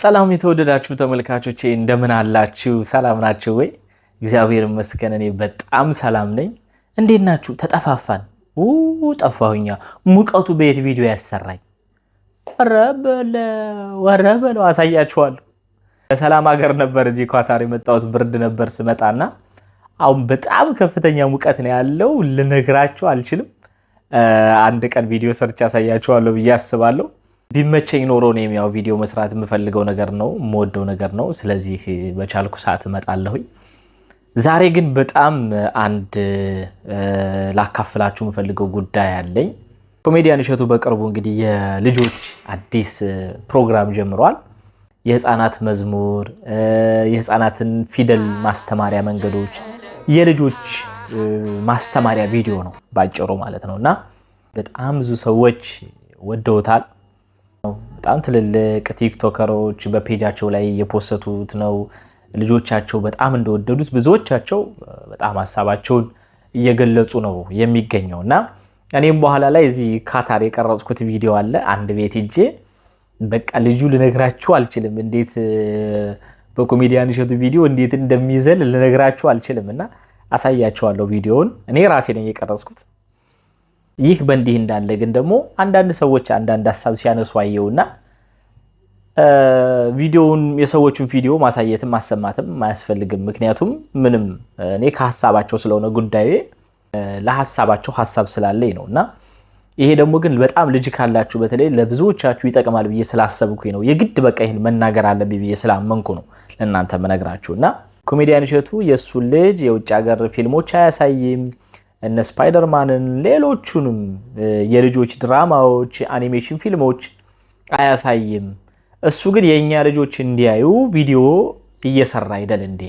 ሰላም የተወደዳችሁ ተመልካቾቼ እንደምን አላችሁ? ሰላም ናችሁ ወይ? እግዚአብሔር ይመስገን እኔ በጣም ሰላም ነኝ። እንዴት ናችሁ? ተጠፋፋን፣ ጠፋሁኛ። ሙቀቱ በየት ቪዲዮ ያሰራኝ። ኧረ በለው፣ ኧረ በለው፣ አሳያችኋለሁ። በሰላም ሀገር ነበር እዚህ ኳታር የመጣሁት ብርድ ነበር ስመጣና፣ አሁን በጣም ከፍተኛ ሙቀት ነው ያለው። ልነግራችሁ አልችልም። አንድ ቀን ቪዲዮ ሰርች አሳያችኋለሁ ብዬ አስባለሁ። ቢመቸኝ ኖሮ እኔም ያው ቪዲዮ መስራት የምፈልገው ነገር ነው፣ የምወደው ነገር ነው። ስለዚህ በቻልኩ ሰዓት እመጣለሁኝ። ዛሬ ግን በጣም አንድ ላካፍላችሁ የምፈልገው ጉዳይ አለኝ። ኮሜዲያን እሸቱ በቅርቡ እንግዲህ የልጆች አዲስ ፕሮግራም ጀምረዋል። የህፃናት መዝሙር፣ የህፃናትን ፊደል ማስተማሪያ መንገዶች፣ የልጆች ማስተማሪያ ቪዲዮ ነው ባጭሩ ማለት ነው እና በጣም ብዙ ሰዎች ወደውታል። በጣም ትልልቅ ቲክቶከሮች በፔጃቸው ላይ የፖሰቱት ነው። ልጆቻቸው በጣም እንደወደዱት ብዙዎቻቸው በጣም ሀሳባቸውን እየገለጹ ነው የሚገኘው እና እኔም በኋላ ላይ እዚህ ካታር የቀረጽኩት ቪዲዮ አለ። አንድ ቤት እጄ በቃ ልጁ ልነግራችሁ አልችልም፣ እንዴት በኮሜዲያን እሸቱ ቪዲዮ እንዴት እንደሚዘል ልነግራችሁ አልችልም እና አሳያችኋለሁ ቪዲዮውን እኔ ራሴ ነኝ የቀረጽኩት። ይህ በእንዲህ እንዳለ ግን ደግሞ አንዳንድ ሰዎች አንዳንድ ሀሳብ ሲያነሱ አየውና ቪዲዮውን የሰዎቹን ቪዲዮ ማሳየትም ማሰማትም አያስፈልግም። ምክንያቱም ምንም እኔ ከሀሳባቸው ስለሆነ ጉዳዩ ለሀሳባቸው ሀሳብ ስላለኝ ነው እና ይሄ ደግሞ ግን በጣም ልጅ ካላችሁ በተለይ ለብዙዎቻችሁ ይጠቅማል ብዬ ስላሰብኩ ነው። የግድ በቃ ይህን መናገር አለብኝ ብዬ ስላመንኩ ነው ለእናንተ መነግራችሁ እና ኮሜዲያን እሸቱ የእሱን ልጅ የውጭ ሀገር ፊልሞች አያሳይም እነ ስፓይደርማንን ሌሎቹንም የልጆች ድራማዎች፣ የአኒሜሽን ፊልሞች አያሳይም። እሱ ግን የእኛ ልጆች እንዲያዩ ቪዲዮ እየሰራ አይደል እንዴ?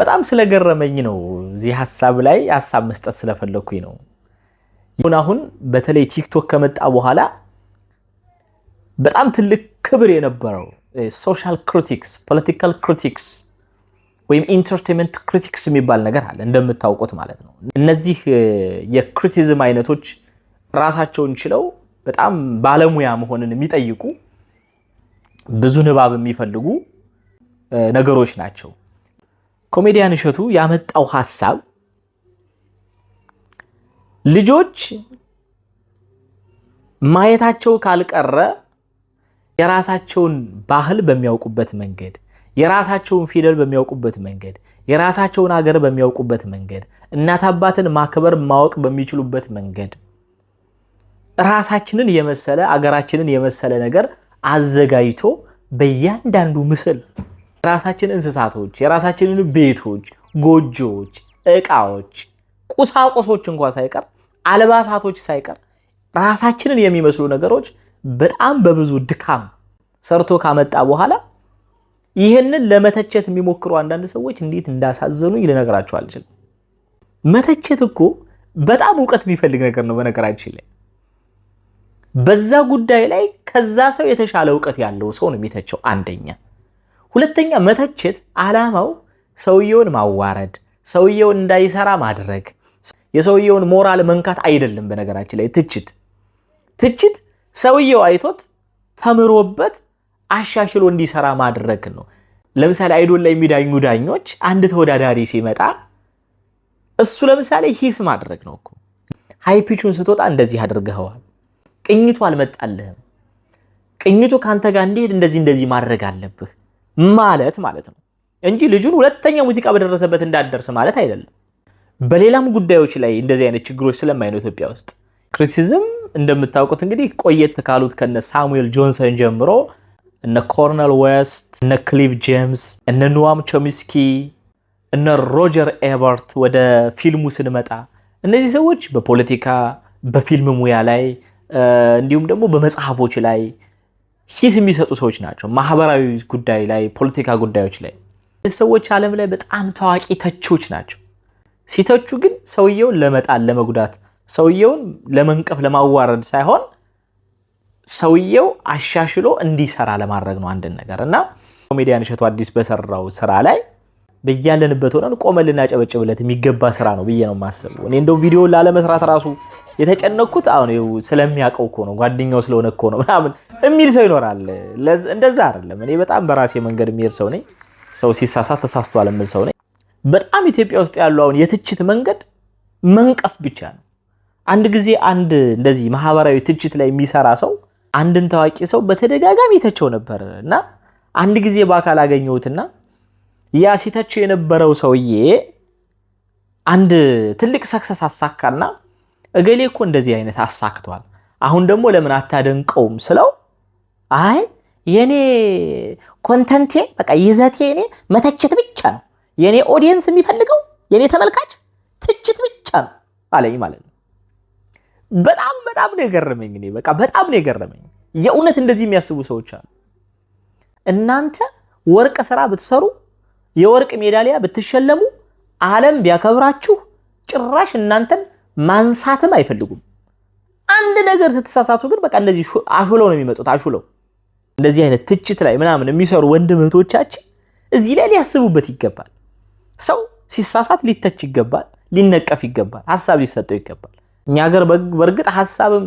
በጣም ስለገረመኝ ነው። እዚህ ሀሳብ ላይ ሀሳብ መስጠት ስለፈለግኩኝ ነው። ይሁን አሁን በተለይ ቲክቶክ ከመጣ በኋላ በጣም ትልቅ ክብር የነበረው ሶሻል ክሪቲክስ ፖለቲካል ክሪቲክስ ወይም ኢንተርቴንመንት ክሪቲክስ የሚባል ነገር አለ እንደምታውቁት ማለት ነው። እነዚህ የክሪቲዝም አይነቶች ራሳቸውን ችለው በጣም ባለሙያ መሆንን የሚጠይቁ ብዙ ንባብ የሚፈልጉ ነገሮች ናቸው። ኮሜዲያን እሸቱ ያመጣው ሀሳብ ልጆች ማየታቸው ካልቀረ የራሳቸውን ባህል በሚያውቁበት መንገድ የራሳቸውን ፊደል በሚያውቁበት መንገድ የራሳቸውን አገር በሚያውቁበት መንገድ እናት አባትን ማክበር ማወቅ በሚችሉበት መንገድ ራሳችንን የመሰለ አገራችንን የመሰለ ነገር አዘጋጅቶ በእያንዳንዱ ምስል የራሳችን እንስሳቶች፣ የራሳችንን ቤቶች፣ ጎጆዎች፣ እቃዎች፣ ቁሳቁሶች እንኳ ሳይቀር አልባሳቶች ሳይቀር ራሳችንን የሚመስሉ ነገሮች በጣም በብዙ ድካም ሰርቶ ካመጣ በኋላ ይህንን ለመተቸት የሚሞክሩ አንዳንድ ሰዎች እንዴት እንዳሳዘኑ ልነግራቸው አልችልም። መተቸት እኮ በጣም እውቀት የሚፈልግ ነገር ነው። በነገራችን ላይ በዛ ጉዳይ ላይ ከዛ ሰው የተሻለ እውቀት ያለው ሰው ነው የሚተቸው። አንደኛ። ሁለተኛ መተቸት አላማው ሰውየውን ማዋረድ፣ ሰውየውን እንዳይሰራ ማድረግ፣ የሰውየውን ሞራል መንካት አይደለም። በነገራችን ላይ ትችት ትችት ሰውየው አይቶት ተምሮበት አሻሽሎ እንዲሰራ ማድረግ ነው። ለምሳሌ አይዶል ላይ የሚዳኙ ዳኞች አንድ ተወዳዳሪ ሲመጣ እሱ ለምሳሌ ሂስ ማድረግ ነው እኮ ሃይፒቹን ስትወጣ እንደዚህ አድርገኸዋል፣ ቅኝቱ አልመጣልህም፣ ቅኝቱ ከአንተ ጋር እንዲሄድ እንደዚህ እንደዚህ ማድረግ አለብህ ማለት ማለት ነው እንጂ ልጁን ሁለተኛ ሙዚቃ በደረሰበት እንዳደርስ ማለት አይደለም። በሌላም ጉዳዮች ላይ እንደዚህ አይነት ችግሮች ስለማይነው ነው ኢትዮጵያ ውስጥ ክሪቲሲዝም እንደምታውቁት እንግዲህ ቆየት ካሉት ከነ ሳሙኤል ጆንሰን ጀምሮ እነ ኮርነል ዌስት፣ እነ ክሊፍ ጄምስ፣ እነ ኑዋም ቾሚስኪ፣ እነ ሮጀር ኤበርት ወደ ፊልሙ ስንመጣ እነዚህ ሰዎች በፖለቲካ በፊልም ሙያ ላይ እንዲሁም ደግሞ በመጽሐፎች ላይ ሂስ የሚሰጡ ሰዎች ናቸው። ማህበራዊ ጉዳይ ላይ፣ ፖለቲካ ጉዳዮች ላይ ሰዎች ዓለም ላይ በጣም ታዋቂ ተቾች ናቸው። ሲተቹ ግን ሰውየውን ለመጣል ለመጉዳት፣ ሰውየውን ለመንቀፍ፣ ለማዋረድ ሳይሆን ሰውየው አሻሽሎ እንዲሰራ ለማድረግ ነው አንድን ነገር እና ኮሜዲያን እሸቱ አዲስ በሰራው ስራ ላይ በያለንበት ሆነን ቆመን ልናጨበጭብለት የሚገባ ስራ ነው ብዬ ነው የማስበው። እኔ እንደው ቪዲዮ ላለመስራት ራሱ የተጨነኩት አሁን ስለሚያውቀው እኮ ነው፣ ጓደኛው ስለሆነ እኮ ነው ምናምን የሚል ሰው ይኖራል። እንደዛ አይደለም። እኔ በጣም በራሴ መንገድ የሚሄድ ሰው ነኝ። ሰው ሲሳሳት ተሳስቶ አለምል ሰው ነኝ። በጣም ኢትዮጵያ ውስጥ ያሉ አሁን የትችት መንገድ መንቀፍ ብቻ ነው። አንድ ጊዜ አንድ እንደዚህ ማህበራዊ ትችት ላይ የሚሰራ ሰው አንድን ታዋቂ ሰው በተደጋጋሚ ተቸው ነበር እና አንድ ጊዜ በአካል አገኘሁትና ያ ሲተቸው የነበረው ሰውዬ አንድ ትልቅ ሰክሰስ አሳካና እገሌ እኮ እንደዚህ አይነት አሳክቷል፣ አሁን ደግሞ ለምን አታደንቀውም ስለው አይ የኔ ኮንተንቴ በቃ ይዘቴ እኔ መተቸት ብቻ ነው፣ የኔ ኦዲየንስ የሚፈልገው የኔ ተመልካች ትችት ብቻ ነው አለኝ ማለት ነው። በጣም በጣም ነው የገረመኝ። እኔ በቃ በጣም ነው የገረመኝ። የእውነት እንደዚህ የሚያስቡ ሰዎች አሉ። እናንተ ወርቅ ስራ ብትሰሩ የወርቅ ሜዳሊያ ብትሸለሙ ዓለም ቢያከብራችሁ ጭራሽ እናንተን ማንሳትም አይፈልጉም። አንድ ነገር ስትሳሳቱ ግን በቃ እንደዚህ አሹለው ነው የሚመጡት። አሹለው እንደዚህ አይነት ትችት ላይ ምናምን የሚሰሩ ወንድም እህቶቻችን እዚህ ላይ ሊያስቡበት ይገባል። ሰው ሲሳሳት ሊተች ይገባል፣ ሊነቀፍ ይገባል፣ ሀሳብ ሊሰጠው ይገባል። እኛ ሀገር በእርግጥ ሀሳብም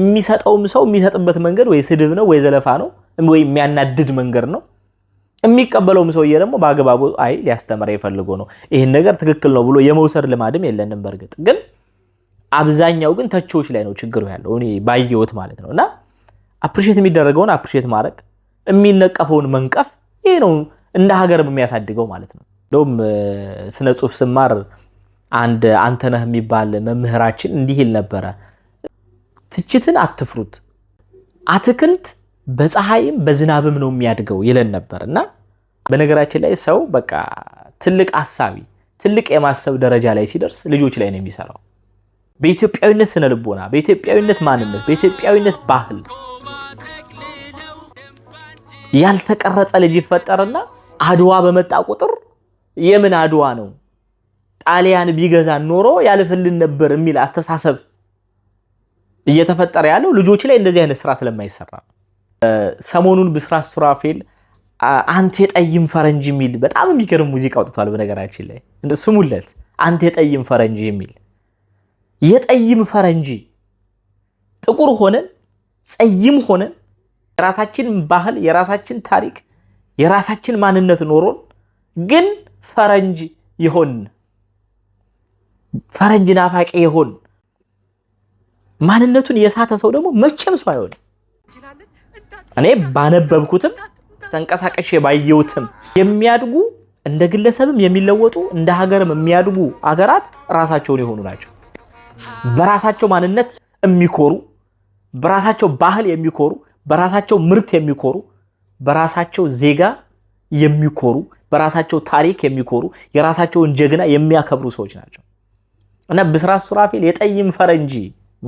የሚሰጠውም ሰው የሚሰጥበት መንገድ ወይ ስድብ ነው ወይ ዘለፋ ነው ወይ የሚያናድድ መንገድ ነው። የሚቀበለውም ሰውዬ ደግሞ በአግባቡ አይ ሊያስተምር የፈልጎ ነው ይህን ነገር ትክክል ነው ብሎ የመውሰድ ልማድም የለንም። በእርግጥ ግን አብዛኛው ግን ተቺዎች ላይ ነው ችግሩ ያለው እኔ ባየሁት ማለት ነው። እና አፕሪሼት የሚደረገውን አፕሪሼት ማድረግ፣ የሚነቀፈውን መንቀፍ፣ ይሄ ነው እንደ ሀገርም የሚያሳድገው ማለት ነው። እንደውም ስነ ጽሁፍ ስማር አንድ አንተነህ የሚባል መምህራችን እንዲህ ይል ነበረ፣ ትችትን አትፍሩት፣ አትክልት በፀሐይም በዝናብም ነው የሚያድገው ይለን ነበር እና በነገራችን ላይ ሰው በቃ ትልቅ አሳቢ ትልቅ የማሰብ ደረጃ ላይ ሲደርስ ልጆች ላይ ነው የሚሰራው። በኢትዮጵያዊነት ስነ ልቦና፣ በኢትዮጵያዊነት ማንነት፣ በኢትዮጵያዊነት ባህል ያልተቀረጸ ልጅ ይፈጠርና አድዋ በመጣ ቁጥር የምን አድዋ ነው ጣሊያን ቢገዛን ኖሮ ያልፍልን ነበር የሚል አስተሳሰብ እየተፈጠረ ያለው ልጆች ላይ እንደዚህ አይነት ስራ ስለማይሰራ ነው። ሰሞኑን ብስራት ሱራፌል አንተ የጠይም ፈረንጅ የሚል በጣም የሚገርም ሙዚቃ አውጥቷል። በነገራችን ላይ ስሙለት፣ አንተ የጠይም ፈረንጅ የሚል የጠይም ፈረንጅ ጥቁር ሆነን ጸይም ሆነን የራሳችን ባህል፣ የራሳችን ታሪክ፣ የራሳችን ማንነት ኖሮን ግን ፈረንጅ ይሆን ፈረንጅ ናፋቂ ይሁን። ማንነቱን የሳተ ሰው ደግሞ መቼም ሰው አይሆን። እኔ ባነበብኩትም ተንቀሳቀሽ ባየሁትም የሚያድጉ እንደ ግለሰብም የሚለወጡ እንደ ሀገርም የሚያድጉ አገራት ራሳቸውን የሆኑ ናቸው። በራሳቸው ማንነት የሚኮሩ፣ በራሳቸው ባህል የሚኮሩ፣ በራሳቸው ምርት የሚኮሩ፣ በራሳቸው ዜጋ የሚኮሩ፣ በራሳቸው ታሪክ የሚኮሩ፣ የራሳቸውን ጀግና የሚያከብሩ ሰዎች ናቸው። እና ብስራት ሱራፌል የጠይም ፈረንጂ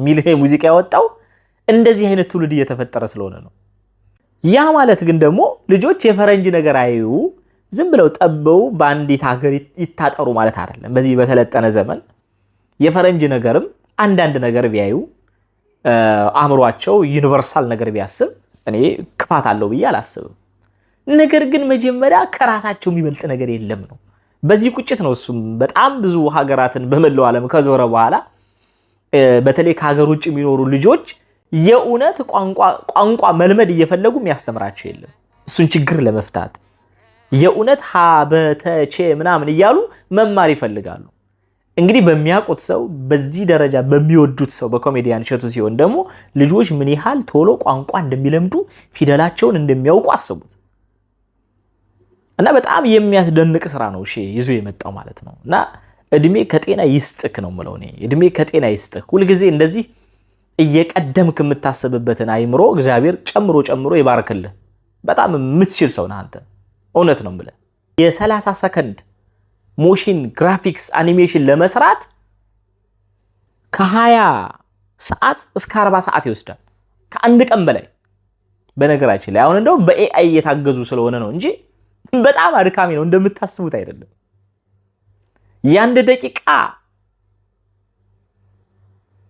ሚል ሙዚቃ ያወጣው እንደዚህ አይነት ትውልድ እየተፈጠረ ስለሆነ ነው። ያ ማለት ግን ደግሞ ልጆች የፈረንጅ ነገር አዩ ዝም ብለው ጠበው በአንዲት ሀገር ይታጠሩ ማለት አይደለም። በዚህ በሰለጠነ ዘመን የፈረንጅ ነገርም አንዳንድ ነገር ቢያዩ አእምሯቸው ዩኒቨርሳል ነገር ቢያስብ እኔ ክፋት አለው ብዬ አላስብም። ነገር ግን መጀመሪያ ከራሳቸው የሚበልጥ ነገር የለም ነው በዚህ ቁጭት ነው እሱም በጣም ብዙ ሀገራትን በመላው ዓለም ከዞረ በኋላ በተለይ ከሀገር ውጭ የሚኖሩ ልጆች የእውነት ቋንቋ መልመድ እየፈለጉ የሚያስተምራቸው የለም። እሱን ችግር ለመፍታት የእውነት ሀበተቼ ምናምን እያሉ መማር ይፈልጋሉ። እንግዲህ በሚያውቁት ሰው በዚህ ደረጃ በሚወዱት ሰው በኮሜዲያን እሸቱ ሲሆን ደግሞ ልጆች ምን ያህል ቶሎ ቋንቋ እንደሚለምዱ ፊደላቸውን እንደሚያውቁ አስቡት። እና በጣም የሚያስደንቅ ስራ ነው ሼ ይዞ የመጣው ማለት ነው። እና እድሜ ከጤና ይስጥክ ነው ምለው እኔ። እድሜ ከጤና ይስጥክ። ሁልጊዜ እንደዚህ እየቀደምክ የምታስብበትን አይምሮ እግዚአብሔር ጨምሮ ጨምሮ ይባርክልህ። በጣም የምትችል ሰው ነህ አንተ። እውነት ነው የምልህ የሰላሳ ሰከንድ ሞሽን ግራፊክስ አኒሜሽን ለመስራት ከሀያ ሰዓት እስከ አርባ ሰዓት ይወስዳል ከአንድ ቀን በላይ በነገራችን ላይ አሁን እንደውም በኤአይ እየታገዙ ስለሆነ ነው እንጂ በጣም አድካሚ ነው። እንደምታስቡት አይደለም። የአንድ ደቂቃ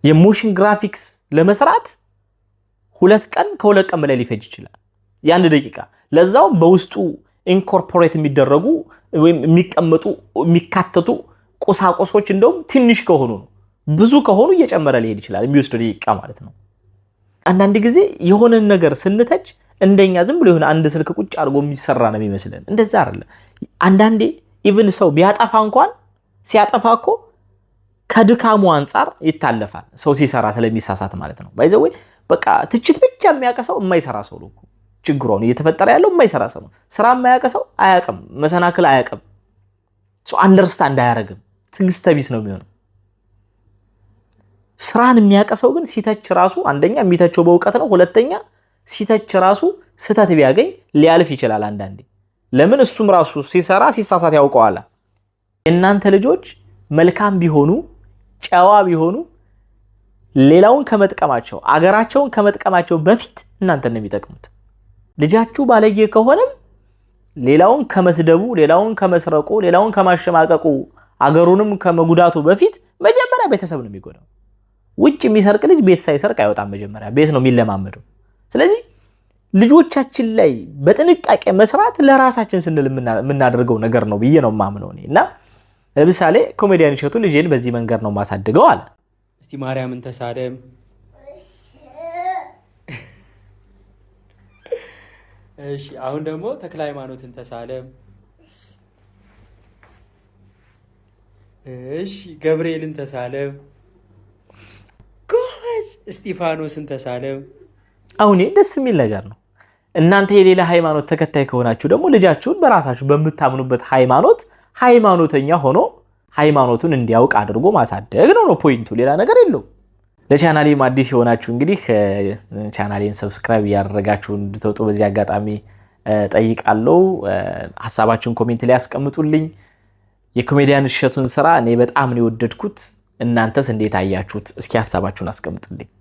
የሞሽን ግራፊክስ ለመስራት ሁለት ቀን ከሁለት ቀን በላይ ሊፈጅ ይችላል። የአንድ ደቂቃ ለዛውም በውስጡ ኢንኮርፖሬት የሚደረጉ ወይም የሚቀመጡ የሚካተቱ ቁሳቁሶች እንደውም ትንሽ ከሆኑ ነው። ብዙ ከሆኑ እየጨመረ ሊሄድ ይችላል የሚወስደው ደቂቃ ማለት ነው። አንዳንድ ጊዜ የሆነን ነገር ስንተች እንደኛ ዝም ብሎ የሆነ አንድ ስልክ ቁጭ አድርጎ የሚሰራ ነው የሚመስለን። እንደዛ አይደለ። አንዳንዴ ኢቭን ሰው ቢያጠፋ እንኳን ሲያጠፋ እኮ ከድካሙ አንጻር ይታለፋል። ሰው ሲሰራ ስለሚሳሳት ማለት ነው። ባይዘወይ በቃ ትችት ብቻ የሚያውቅ ሰው የማይሰራ ሰው ነው ችግሩ። አሁን እየተፈጠረ ያለው የማይሰራ ሰው ነው። ስራ የማያውቅ ሰው አያውቅም፣ መሰናክል አያውቅም፣ ሰው አንደርስታንድ አያደርግም፣ ትዕግስት ቢስ ነው የሚሆነው። ስራን የሚያውቅ ሰው ግን ሲተች ራሱ አንደኛ የሚተቸው በእውቀት ነው፣ ሁለተኛ ሲተች ራሱ ስህተት ቢያገኝ ሊያልፍ ይችላል። አንዳንዴ ለምን እሱም ራሱ ሲሰራ ሲሳሳት ያውቀዋል። የእናንተ ልጆች መልካም ቢሆኑ ጨዋ ቢሆኑ ሌላውን ከመጥቀማቸው አገራቸውን ከመጥቀማቸው በፊት እናንተን ነው የሚጠቅሙት። ልጃችሁ ባለጌ ከሆነም ሌላውን ከመስደቡ፣ ሌላውን ከመስረቁ፣ ሌላውን ከማሸማቀቁ አገሩንም ከመጉዳቱ በፊት መጀመሪያ ቤተሰብ ነው የሚጎዳው። ውጭ የሚሰርቅ ልጅ ቤት ሳይሰርቅ አይወጣም። መጀመሪያ ቤት ነው የሚለማመደው። ስለዚህ ልጆቻችን ላይ በጥንቃቄ መስራት ለራሳችን ስንል የምናደርገው ነገር ነው ብዬ ነው የማምነው እኔ እና ለምሳሌ ኮሜዲያን እሸቱ ልጄን በዚህ መንገድ ነው ማሳድገው አለ። እስቲ ማርያምን ተሳደም እሺ አሁን ደግሞ ተክለ ሃይማኖትን ተሳለም። እሺ ገብርኤልን ተሳለም። ጎበዝ። እስጢፋኖስን ተሳለም። አሁን ደስ የሚል ነገር ነው። እናንተ የሌላ ሃይማኖት ተከታይ ከሆናችሁ ደግሞ ልጃችሁን በራሳችሁ በምታምኑበት ሃይማኖት ሃይማኖተኛ ሆኖ ሃይማኖቱን እንዲያውቅ አድርጎ ማሳደግ ነው ነው ፖይንቱ፣ ሌላ ነገር የለውም። ለቻናሌም አዲስ የሆናችሁ እንግዲህ ቻናሌን ሰብስክራይብ እያደረጋችሁ እንድትወጡ በዚህ አጋጣሚ ጠይቃለሁ። ሀሳባችሁን ኮሜንት ላይ ያስቀምጡልኝ። የኮሜዲያን እሸቱን ስራ እኔ በጣም ነው የወደድኩት። እናንተስ እንዴት አያችሁት? እስኪ ሀሳባችሁን አስቀምጡልኝ።